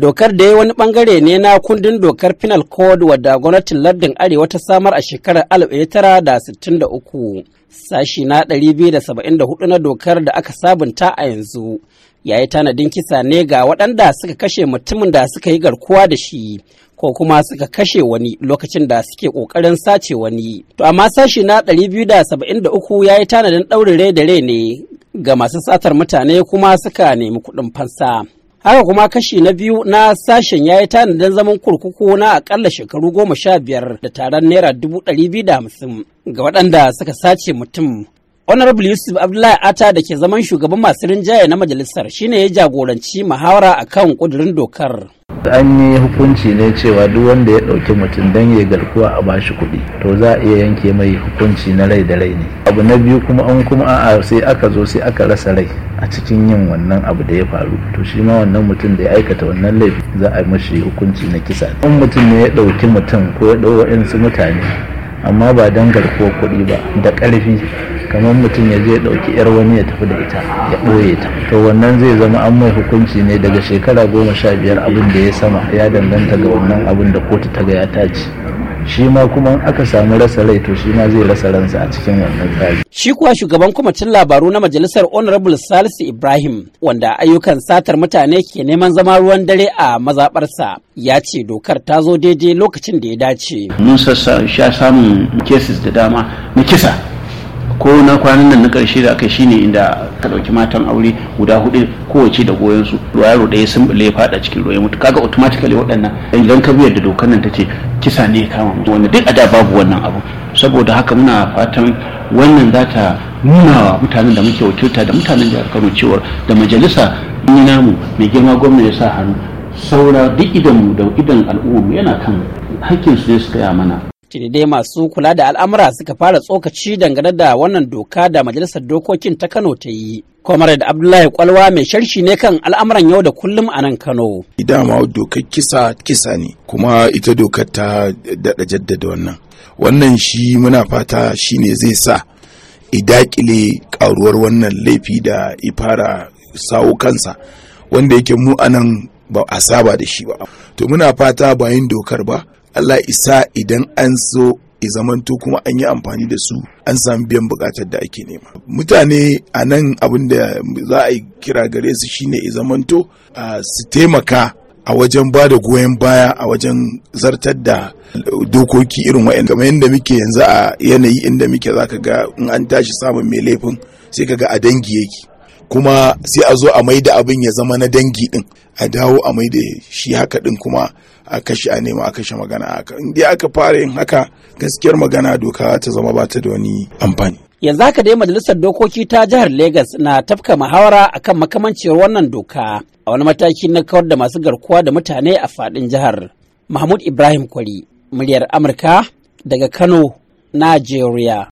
Dokar da ya wani bangare ne na kundin dokar Penal Code wadda gwamnatin lardin Arewa ta samar a shekarar 1963. Sashi na 274 na dokar da aka sabunta a yanzu ya yi tanadin kisa ne ga waɗanda suka kashe mutumin da suka yi garkuwa da shi ko kuma suka kashe wani lokacin da suke ƙoƙarin sace wani. To amma sashi na 273 ya yi tanadin ɗaurin rai da rai ne ga masu satar mutane kuma suka nemi kuɗin fansa. haka kuma kashi na biyu na sashen ya yi tanadin zaman kurkuku na akalla shekaru goma sha biyar da taron naira dubu ɗari biyu da hamsin ga waɗanda suka sace mutum honorable yusuf abdullahi ata da ke zaman shugaban masu rinjaye na majalisar shine ya jagoranci muhawara akan kudurin dokar an yi hukunci ne cewa duk wanda ya ɗauki mutum don ya garkuwa a bashi kuɗi to za a iya yanke mai hukunci na rai da rai ne abu na biyu kuma an kuma a'a sai aka zo sai aka rasa rai a cikin yin wannan abu da ya faru to shi ma wannan mutum da ya aikata wannan laifi za a mashi hukunci na kisa in mutum ne ya ɗauki mutum ko ya ɗau mutane amma ba don garkuwa kuɗi ba da ƙarfi kamar mutum ya je ɗauki yar wani ya tafi da ita ya ɓoye ta to wannan zai zama an mai hukunci ne daga shekara goma sha biyar abin da ya sama ya danganta ga wannan abin da kotu ta gaya ta ci shi ma kuma aka samu rasa rai to shi ma zai rasa ransa a cikin wannan tsari. Shi kuwa shugaban kwamitin labaru na majalisar Honorable Salisu Ibrahim wanda ayyukan satar mutane ke neman zama ruwan dare a mazaɓarsa ya ce dokar ta zo daidai lokacin da ya dace. Mun sassa sha samun cases da dama na kisa ko na kwanan nan na karshe da aka shi ne inda ka ɗauki matan aure guda hudu kowace da goyon su yaro ya sun bule ya fada cikin ruwa ya mutu kaga automatically waɗannan idan ka biyar da dokar nan ce kisa ne ya kama mu wanda duk a da babu wannan abu saboda haka muna fatan wannan za ta nuna wa mutanen da muke wakilta da mutanen jihar Kano cewar da majalisa ni namu mai girma gwamna ya sa hannu saura duk idanmu da idan al'ummu yana kan hakkin su ne suka yi mana dai masu kula da al'amura suka fara tsokaci dangane da wannan doka da majalisar dokokin ta kano ta yi da abdullahi kwalwa mai sharshi ne kan al'amuran yau da kullum a nan kano dama dokar kisa kisa ne kuma ita dokar ta dada jaddada wannan wannan shi muna fata shine zai sa idakile karuwar wannan laifi da ifara sawo kansa wanda yake mu anan ba a saba da shi ba to muna fata bayan dokar ba Allah isa idan an so i zamanto kuma an yi amfani da su an sami biyan bukatar da ake nema mutane a nan abin da za a yi kira gare su shine zamanto su taimaka a wajen ba da goyon baya a wajen zartar da dokoki irin wa'in kamar yadda muke yanzu a yanayi inda muke za ka ga in an tashi samun mai laifin sai ka ga a dangi yake kuma sai a zo a mai da abin ya zama na dangi din a dawo a mai da shi haka din kuma a kashe a nema a kashe magana haka in dai aka fara yin haka gaskiyar magana doka ta zama ba ta da wani amfani yanzu haka dai majalisar dokoki ta jihar Legas na tafka muhawara akan makamanciyar wannan doka a wani mataki na kawar da masu garkuwa da mutane a fadin jihar mahmud ibrahim kwari muryar amurka daga kano nigeria